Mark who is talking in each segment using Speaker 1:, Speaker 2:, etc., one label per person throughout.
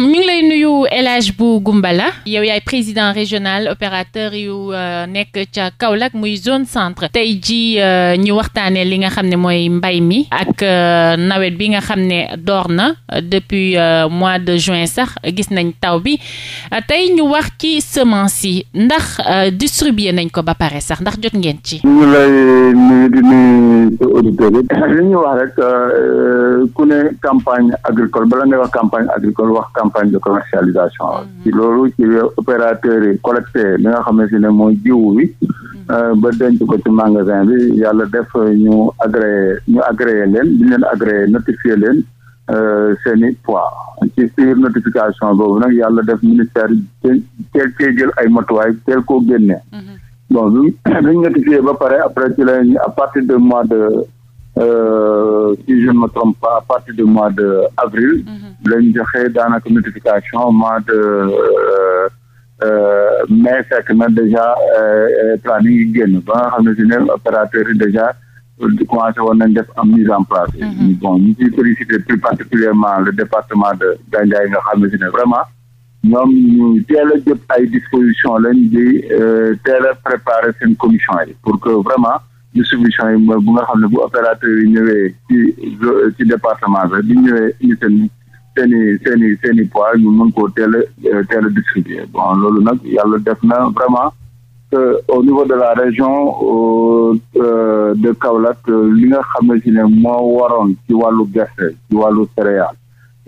Speaker 1: ñu ngi lay nuyu El bu Bou la yow yaay président régional opérateur yu euh, nekk ca Kaolack muy zone centre tey ji euh, ñu waxtaanee li nga xam ne mooy mbay mi ak euh, nawet bi nga xam ne door na depuis mois de juin sax gis nañ taw bi tey ñu wax ci semence yi ndax distribuer nañ ko ba pare sax ndax jot ngeen
Speaker 2: ci. li ñu wax rek ku ne campagne agricole bala ngay wax campagne agricole wax campagne campagne de commercialisation mhm. ci loolu ci opérateur yi collecté li nga xamante ne mooy jiwu bi mhm. euh, ba denc ko ci magasin bi yàlla def ñu agréé ñu agréé leen bi leen agréé notifié leen euh, seen i poids ci biir notification boobu nag yàlla def ministère teel cee jël ay matuwaay teel koo génne mhm. bon bi ñu notifié ba pare après ci lañ à partir de mois de euh, si je ne me partir de mois de avril lañ joxe daanaka notification mois de euh, euh, mai fekk na déjà euh, planning yi génn ba nga xam ne si ne opérateur yi déjà commencé woon nañ def am mise en place mhm. bon ñu ciy félicité plus particulièrement le département de Gandiaye nga xam ne si vraiment ñoom ñu teel a jëpp ay disposition lañ di teel a préparer seen commission yi pour que vraiment distribution yi mooy bu nga xam ne bu opérateur yi ñëwee ci ci département bi bu ñëwee indi seen i seen i seen i poids ñu mën koo teel a euh, teel a bon loolu nag yàlla def na vraiment que au niveau de la région euh, euh, de Kaolack li nga xam ne si ne moo waroon ci wàllu gerte ci wàllu céréales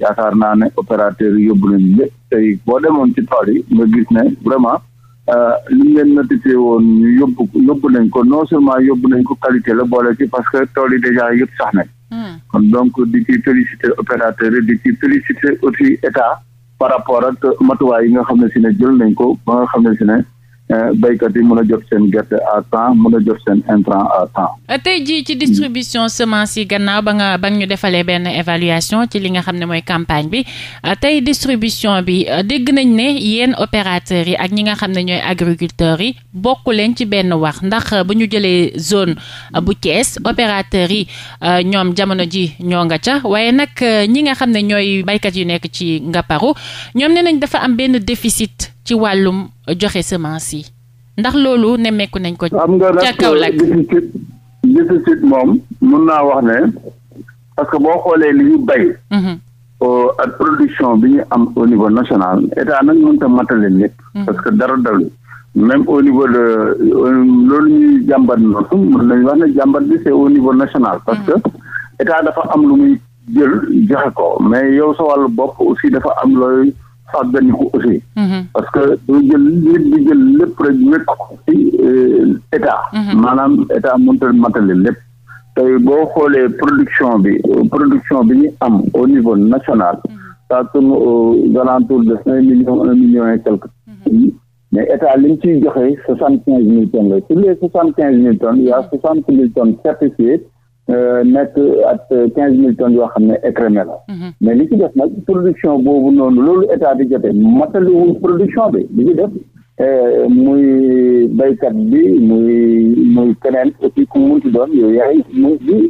Speaker 2: yaakaar naa ne opérateur yóbbu nañu lépp tey boo demoon ci tool yi nga gis ne vraiment li ngeen notifié woon yóbbu yóbbu nañ ko non seulement yóbbu nañ ko qualité la boole ci parce que tool yi déjà yëpp sax nañ kon donc di ci félicité opérateur di ci félicité aussi état par rapport ak matuwaay yi nga xam ne si ne jël nañ ko ba nga xam ne ne Euh, béykat yi mën a jot seen gerte à temps mën a jot seen intrant à temps.
Speaker 1: Euh, tey jii ci distribution semence yi gannaaw ba nga ba ñu defalee benn évaluation ci li nga xam ne mooy campagne bi euh, tey distribution bi dégg nañ ne yenn opérateurs yi ak ñi nga xam ne ñooy agriculteurs yi bokk leen ci benn wax ndax bu ñu jëlee zone bu Thiès opérateurs yi ñoom jamono ji ñoo nga ca waaye nag ñi nga xam ne ñooy baykat yu nekk ci nga paru ñoom nee nañ dafa am benn déficit ci wàllum joxe semence yi. ndax loolu nemmeeku nañ ko. ca Kaolack am
Speaker 2: nga nag déficit moom mun naa wax ne parce que boo xoolee li ñu bay. Mhm. ak production bi ñu am au niveau national état nag mënut ta matale lépp. Mhm. parce que dara dalu même au niveau de euh, loolu ñuy jàmbat noonu mën nañu wax ne jàmbat bi c'est au niveau national. parce que mhm. état dafa am lu muy jël joxe ko mais yow sa wàllu bopp aussi dafa am looy. sàgganiku aussi. Mhm. parce que du jël nit di jël lépp rek wékk ko ci euh, état. Mhm. maanaam état mënut a lépp. tey boo xoolee production bi euh, production bi ñu am au niveau national. Mhm. ça tourne aux alentours de cinq millions un million et quelques. mais état li ñu ciy joxe soixante quinze mille tonnes la sur les soixante quinze mille tonnes y' a soixante mille tonnes certifiées. Euh, nekk at euh, quinze mille tonnes yoo xam ne écrémé la mhm. mais li ci def nag production boobu noonu loolu état di jote mataliwul production bi li ci def euh, muy baykat bi muy muy keneen aussi ku munti doon yow yaay mu di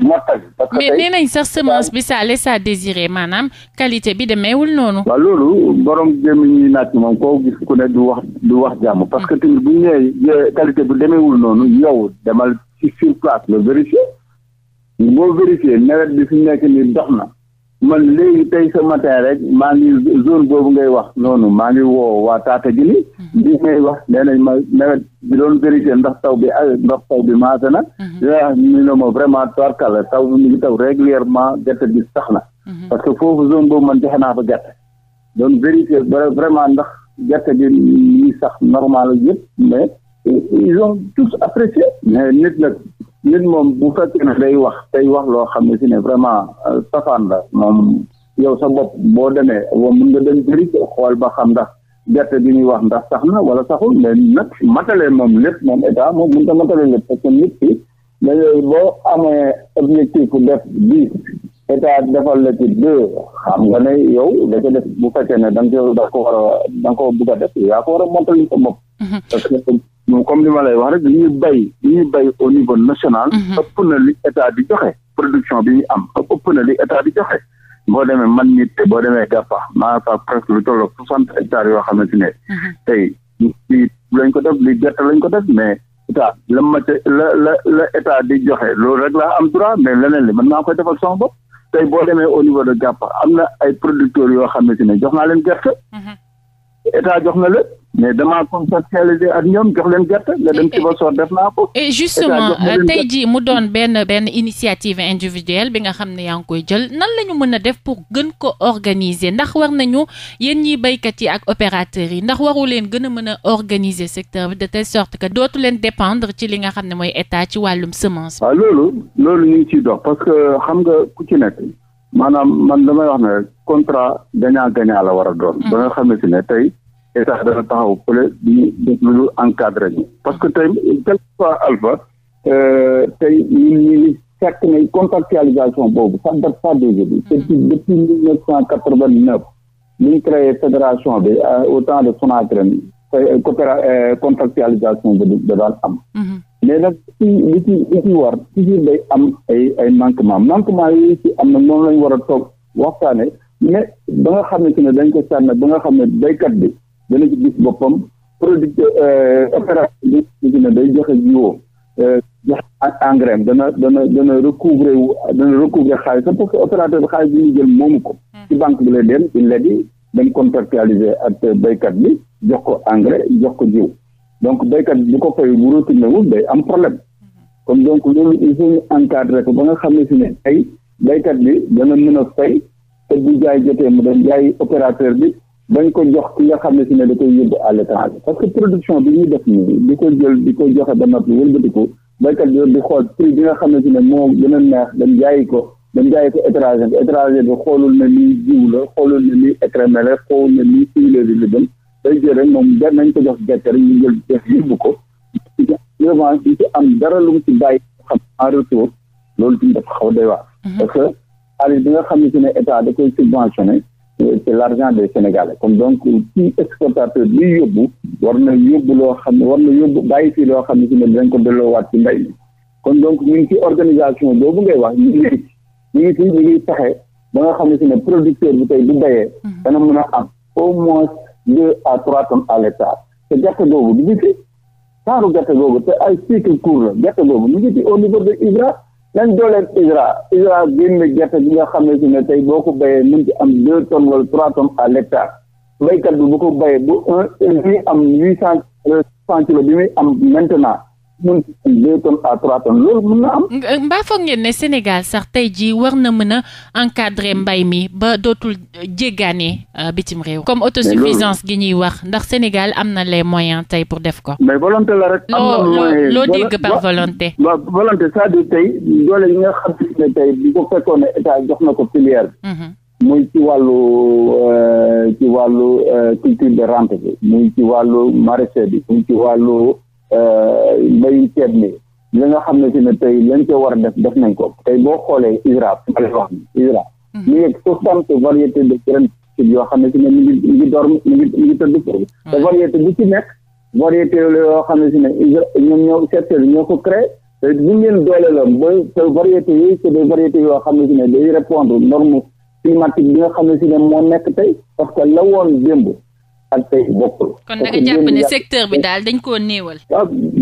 Speaker 2: mottali que mais nee
Speaker 1: nañ sax semence bi ça laisse à désirer maanaam qualité bi demeewul noonu waaw
Speaker 2: loolu borom gémmiñ ñuy naaj moom koo gis ku ne du wax du wax jàmm parce que tamit bu ñu nee qualité bi demeewul noonu yow demal ci sur place nga vérifié boo vérifié nawet bi fi nekk nii dox na man léegi tey sa matin rek maa ngi zone boobu ngay wax noonu maa ngi woo waa Tataguine mhm. bi ngay wax nee nañ ma nawet bi doon vérifié ndax taw bi ndax taw bi maase na yaa mhm. ñu ne ma vraiment torkala taw bi mu ngi taw régulièrement gerte bi sax na mhm. parce que foofu zone boobu man joxe naa ba gerte doon vérifié vraiment ndax gerte bi ñuy sax normal yëpp mais ils ont tous apprécié mais nit nag nit moom bu fekkee ne day wax day wax loo xam ne si ne vraiment euh, safaan la moom yow sa bopp boo demee wa mun nga dem jëriñ xool ba xam ndax gerte bi ñuy wax ndax sax na wala saxul mais nag matale moom lépp moom état moom mun nga matale lépp parce que nit ki boo amee objectif def dix état defal la xam nga ne yow da ko def bu fekkee ne da nga ko da nga ko war a da ko bëgg def yaa ko war a montali sa bopp. Mhm. moom comme li ma lay wax rek li ñuy bay li ñuy bay au niveau national. Mhm. ëpp na li état di joxe. production bi ñu am ëpp na li état di joxe. boo demee man nit te boo demee GAFA maa fa presque lu toll soixante hectares yoo xamante ne. Mhm. tey li lañ ko def li gerte lañ ko def mais état la ma la la la état di joxe loolu rek la am droit mais leneen li mën naa koy defal sama bopp. tey boo demee au niveau de GAFA am na ay producteurs yoo xamante ne jox naa leen gerte. Mhm. état jox na lépp mais damaa contractualisé ak ñoom jox leen gerte nga dem ci ba soor def naa ko. et justement tey
Speaker 1: jii mu doon benn benn initiative individuelle bi nga xam ne yaa ngi koy jël nan la ñu mën a def pour gën ko organiser ndax war nañu yéen ñiy béykat yi ak opérateurs yi ndax waru leen gën a mën a organiser secteur bi de telle sorte que dootu leen dépendre ci li nga xam ne mooy état ci wàllum semence.
Speaker 2: waaw loolu loolu ñu ngi dox parce que xam nga ku ci maanaam man damay wax ne rek contrat gagnant gagnant la war a doon. Mm. ba nga xamante ne tey état dana taxaw pële ñu def lu encadré ñu. parce que tey quelque fois alba euh, tey ñun ñu fekk ne contractualisation boobu ça date pas d'aujourd'hui depuis mm. depuis mille neuf cent quatre vingt neuf li ñu créé fédération bi euh, au temps de Sonatrach euh, tey coopéra contractualisation bi da daan am. Mm-hmm. mais na ci li ci li ci war toujours day am ay ay manquement manquement yi ci am na noonu lañ war a toog waxtaane mais ba nga xam ne ci ne dañ ko sànn ba nga xam ne baykat bi dana ci gis boppam producteur euh, opérateur bi ci ne day joxe jiwoo euh, joxe engrais dana dana dana recouvrer wu dana recouvrer xaalis parce que opérateur bi xaalis bi ñu jël moomu ko hmm. ci banque bi lay dem il la di dañ contractualiser ak baykat bi jox ko engrais jox ko jiw donc béykat bu ko fay bu retourné wul day am problème kon donc loolu il faut ñu encadrer ko ba nga xam ne si ne tey béykat bi dana mën a fay te bu jaay jotee mu dem jaay opérateur bi bañ ko jox ki nga xam ne si ne da koy yóbbu à l'étranger parce que production bi ñu def nii di ko jël di ko joxe ba noppi wëlbatiku béykat bi di xool prix bi nga xam ne si ne moo gën neex dem jaayi ko dem jaayi ko étranger bi étranger bi xoolul na ni jiw la xoolul na ni écrémé la xoolul na ni huile la dem day moom benn nañ ko jox gerte rek ñu jël def ko vraiment ñu ci am dara lu mu ci bàyyi xam en retour loolu tamit dafa xaw doy wax mhm. parce que xaalis bi nga xam ne si ne état da koy subventionné euh, c'est l'argent des Sénégalais comme donc ci exportateur bi yóbbu war na yóbbu loo xam ne war na yóbbu bàyyi fii loo xam ne si ne dañ ko delloowaat ci mbay mi kon donc ñu ngi ci organisation boobu ngay wax ñu ngi ñu ngi ci ñu ngi fexe ba nga xam ne si ne producteur bi tey bu bayee mhm. dana mën a am deux à trois tonnes à l'hectare te gerte googu du ngi fi saaru gerte googu te ay cycle court la gerte googu mu ngi fi au niveau de ISRA nañ dooleel ISRA ISRA génne gerte bi nga xam ne si ne tey boo ko bayee mën ci am deux tonnes wala trois tonnes à l'hectare béykat bi bu ko bayee bu un bi am huit cent euh, cent kilos bi muy am maintenant mun deux tonnes à trois tonnes loolu mun na
Speaker 1: am. mbaa foog ngeen ne Sénégal sax tey jii war na mën a encadrer mbay mi ba dootul jéggaane euh, bitim réew. comme autosuffisance gi ñuy wax ndax Sénégal am na les moyen tey pour def ko.
Speaker 2: mais volonté la rek. am loo dégg par volonté. waaw volonté cest à tey doole yi nga xam ne tey bu ko fekkoon ne jox na ko filière bi. Mhm. muy ci wàllu euh, ci wàllu euh, culture de rente bi. muy ci wàllu maraîcher bi. muy ci wàllu. Euh, bay ceeb bi li nga xam ne si ne tey lañ ko war a def def nañ ko tey boo xoolee ISRA wax ISRA mu mhm. yegg soixante variété de graines yoo xam ne si ne mi ngi mi ngi door mi ngi te variété bu ci nekk variété yoo xam ne si ne ISRA ñoo chercheurs yi ñoo ko créé te buñ leen doole la ba te variété yooyu c'est des variétés yoo xam ne si ne day répondre norme climatique bi nga xam ne si ne moo nekk tey parce que la woon démb ak tey bokkul. kon da nga jàpp ne secteur bi
Speaker 1: daal dañ koo néewal.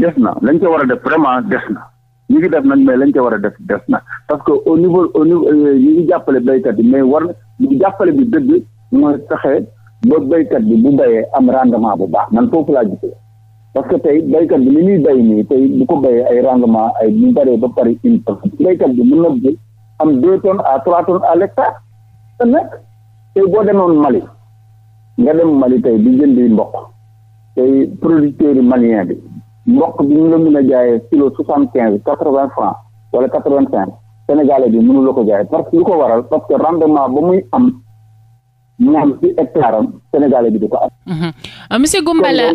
Speaker 2: des na lañ ko war a def vraiment des na ñu ngi def nag mais lañ ko war a def des na parce que au niveau au niveau euh, ñu ngi jàppale béykat yi mais war ñu jàppale bi dëgg mooy fexe ba béykat bi bu béyee am rendement bu baax man foofu laa gisee parce que tey béykat bi li muy béy nii tey bu ko bayee ay rendement ay bu bëree ba pare une tonne béykat bi mën na am deux tonnes à trois tonnes à l'hectare te nekk tey boo Mali. nga dem Mali tey di jëndi mboq tey producteurs yi malien bi mboq bi ñu la mën a jaayee kilo soixante quinze quatre vingt franc wala quatre vingt cinq sénégalais bi mënu la ko jaayee parce que lu ko waral parce que rendement ba muy am ñaam ci hectare am sénégalais bi di ko am. Mhm.
Speaker 1: Euh, monsieur Goumbala.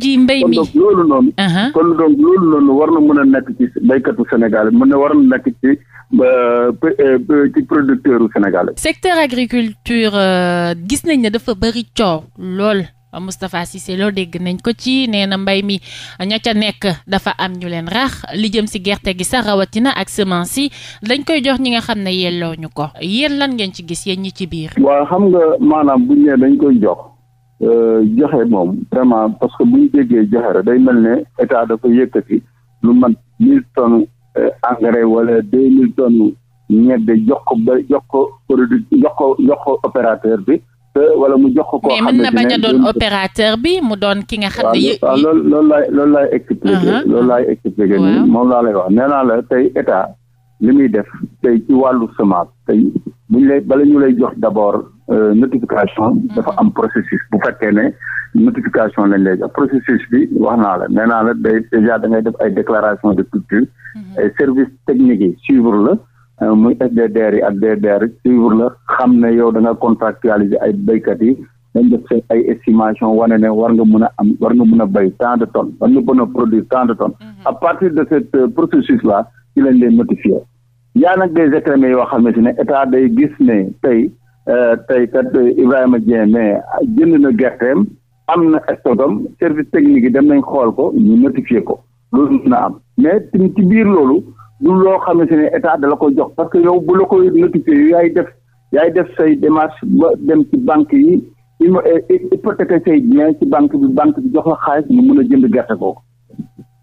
Speaker 1: ji mbay mi
Speaker 2: loolu noonu. Uh-huh. kon donc loolu noonu war na mën a nekk ci béykatu Sénégal mën na war na nekk ci. Eh, ci producteur u Sénégal
Speaker 1: secteur agriculture euh, gis nañ ne dafa bëri coow lool Moustapha Cissé Lo dégg nañ ko ci nee na mbay mi ñoo ca nekk dafa am ñu leen rax li jëm si gerte gi sax rawatina ak semence yi dañ koy jox ñi nga xam ne yelloo ñu ko yéen lan ngeen ci gis yéen ñi ci biir.
Speaker 2: waaw xam nga maanaam bu ñu nee dañ koy jox euh, joxe moom vraiment parce que bu ñu déggee joxe rek day mel ne état dafa yëkkati lu mat mille Euh, engrais wala deux mille tonnes ñebe jox ko ba jox ko produit jox ko jox ko opérateur bi wala mu jox ko koo xam ne mais mën na bañ doon opérateur
Speaker 1: bi mu doon ki nga xam ne.
Speaker 2: waaw loolu loolu laay loolu laay expliqué. Uh-huh. loolu laay expliqué moom laa lay wax nee naa la tey état li muy def tey ci wàllu semence tey buñ lay bala ñu lay jox d' abord Euh, notification dafa mm-hmm. am processus bu fekkee ne notification lañ lay jox processus bi wax naa la nee naa la day déjà da def ay déclaration de culture mm-hmm. ay service technique yi suivre la euh, muy SDDR yi ak DDR suivre la xam ne yow da nga contractualiser ay béykat yi dañ def seen ay estimation wane ne war nga mën a am war nga mun a béy tant de tonnes war nga mën a produire tant de tonnes mm-hmm. à partir de ce euh, processus là ci lañ leen notifier yaa nag des écrémés ne si ne gis ne tey Euh, tey kat euh, Ibrahima Dieng mais jënd na gerteem am na stockam service technique yi dem nañ xool ko ñu notifié ko loolu mën na am mais ci biir loolu du loo xamante ne état da la ko jox parce que yow bu la koy notifié yu yaay def yaay def say démarche ba dem ci banque yi eh, eh, hypothéquer say bien ci banque bi banque bi jox la xaalis ñu mën a jënd gerte kooku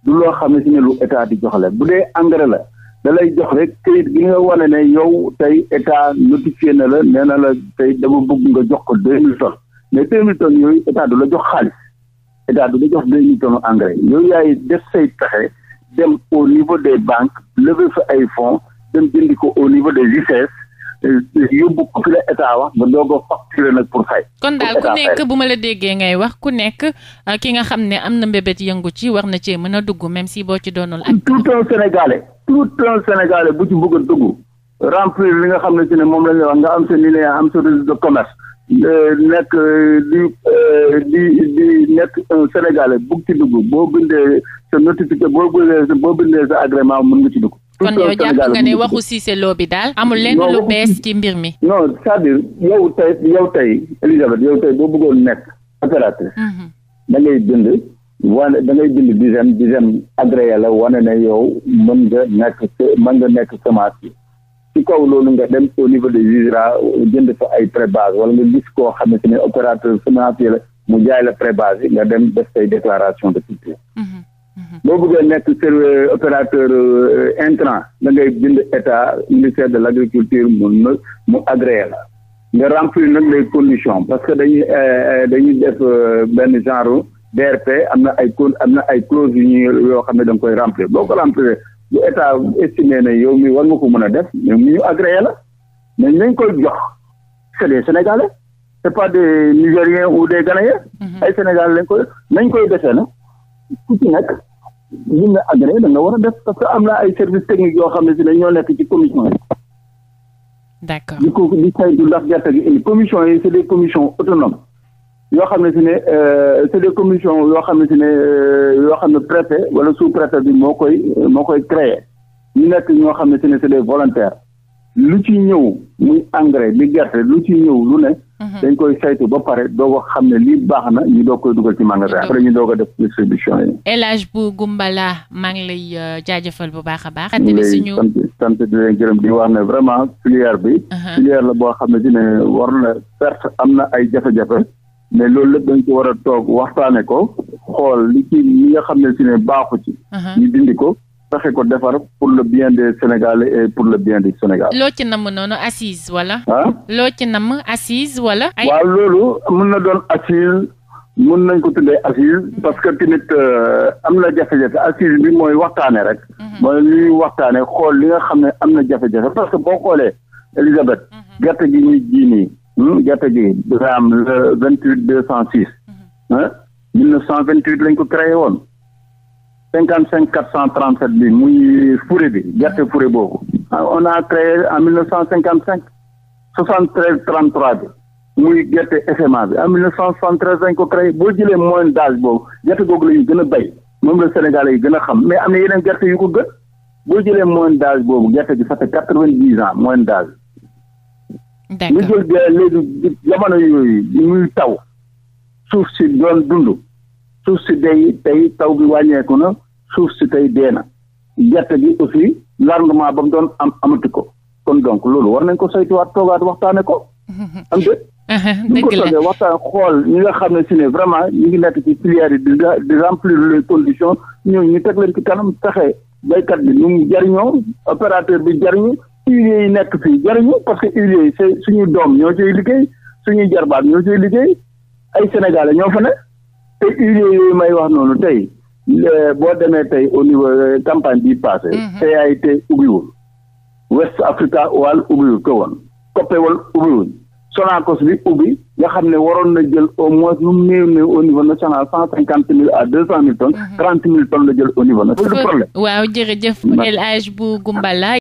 Speaker 2: du loo xamante ne lu état di jox la bu dee engrais la da lay jox rek këyit gi nga wane ne yow tey état notifié na la nee la tey dama bëgg nga jox ko deux mille tonnes mais deux mille yooyu état du la jox xaalis état du la jox deux mille engrais yooyu yaay def say pexe dem au niveau des banques lever fa ay fonds dem jëndi ko au niveau des ICS yóbbu ko fi la état wax nga doog a facturer nag pour fay. kon daal ku nekk
Speaker 1: bu ma la déggee ngay wax ku nekk euh, ki nga xam ne am na mbébét yëngu ci wax na cee mën a dugg même si boo ci doonul ak.
Speaker 2: tout un sénégalais tout un sénégalais bu ci bëgg a dugg remplir li nga xam ne si ne moom la ñuy wax nga am sa linéa am sa registre de commerce. Euh, nekk euh, di di di nekk un sénégalais bugg ci dugg boo bindee sa notifié boo bindee sa boo bindee sa agrément mën nga ci dugg. kon yow jàpp nga ne waxu Cissé
Speaker 1: Lo bi daal amul lenn lu bees ci mbir mi.
Speaker 2: non c'est-à-dire yow tey yow tey Elisabeth yow tey boo bëggoon nekk opérateur. Mhm. da ngay bind wane da ngay bind dixième dixième agréé la wane na yow mën nga nekk mën nga nekk semence bi. ci kaw loolu nga dem au niveau de ISRA jënd fa ay pré-base wala nga gis koo xamante ne opérateur semence la mu jaay la pré nga dem def say déclaration de culture. Mhm. boo bëggee nekk opérateur euh, intrant da ngay bind état ministère de l' agriculture mu mu agréé la nga remplir nag les conditions parce que dañuy euh, euh, dañuy def benn genre DRP am na ay con am na ay clause ñu yoo xam ne da koy remplir boo ko remplir bu état estimé ne yow war nga ko mën a def mais mu ñu agréé la mais ñu koy jox c' est des pas des nigériens ou des ghanéens mm-hmm. ay sénégalais lañ koy nañ koy defee na ku ci nekk. ñun la agréé da nga war a def parce que am na ay services technique yoo xam ne si ne ñoo nekk ci commission yi. d' di koy di ndax gerte gi indi commission yi c' est des commissions autonomes yoo xam ne si ne euh, c' est des commissions yoo xam ne si ne euh, xam ne préfet wala sous préfet bi moo koy moo koy créer ñu nekk ñoo xam ne si ne c' est des lu ci ñëw muy engrais di gerte lu ci ñëw lu nekk Mhm. dañ koy saytu ba pare doo ko xam ne lii baax na ñu doo koy dugal ci magasin après ñu doo ko def distribution yi.
Speaker 1: El Hadj Bou Goumbala maa ngi lay euh, jaajëfal bu baax a baax. ñu ngi sant
Speaker 2: sant di gërëm di wax ne vraiment filière bi. Uh-huh. filière la boo xam ne dina war na perte am na ay jafe-jafe. mais loolu lépp dañ ko war a toog waxtaane ko xool li ci li nga xam ne si ne baaxu ci. Uh-huh. ñu dindi ko. fexe ko defar pour le bien des Sénégalais et pour le bien du Sénégal.
Speaker 1: loo ci namm noonu assise wala. ah loo ci namm assise wala.
Speaker 2: ay waaw loolu mën na doon assise mën nañ ko tuddee assise parce que tamit euh, am na jafe-jafe assise bi mooy waxtaanee rek. Mhm. mooy li ñuy waxtaanee xool li nga xam ne am na jafe-jafe parce que boo xoolee Elisabeth. Mhm. gerte gi ñuy ji nii. Hmm, gerte gi dina am le vingt huit deux cent six. ah mille neuf cent vingt huit lañ ko créé woon. cinquante cinq quatre cent trente sept bi muy fure bi gerte fure boobu ah, on a créé en mil neuf cent cinquante cinq soixante treize trente trois bi muy gerte SMA bi en mille neuf cent soixante treize dañ ko créé boo jëlee moyenne d'âge boobu gerte googu la gën a béy moom la Sénégalais yi gën a xam mais am na yeneen gerte yu ko gën boo jëlee moyenne d'âge boobu gerte gi ça fait quatre vingt dix ans moyenne d'âge d'accord lu léegi jamono yooyu muy taw suuf si doon dund suuf si day tey taw bi wàññeeku na suuf si tey dee na gerte gi aussi rendement ba mu doon am amati ko kon donc loolu war nañ ko saytuwaat toogaat waxtaane ko. am déet.
Speaker 1: Uh-huh, dëgg ko toogee
Speaker 2: waxtaan xool ñi nga xam ne si ne vraiment ñu ngi nekk ci filière yi di di remplir les conditions ñoo ñu teg leen ci kanam taxe baykat bi nu mu jariñoo opérateur bi jariñu huiliers yi nekk fii jariñu parce que huiliers yi suñu doom ñoo ciy liggéey su suñuy jarbaat ñoo ciy liggéey ay sénégalais ñoo fa ne. unions yooyu may wax noonu tey eh, boo demee tey au niveau eh, campagne bi passé CAT mhm. ubbiwul West Africa wal ubbiwul ko woon COPEOL ubbiwul Sonacos bi ubbi nga xam ne waroon na jël au moins lu néew ne au niveau national cent cinquante mille à deux cent mille tonnes mhm. trente mille tonnes la jël au niveau national. problème
Speaker 1: waaw jërëjëf El Hadj bu Goumbala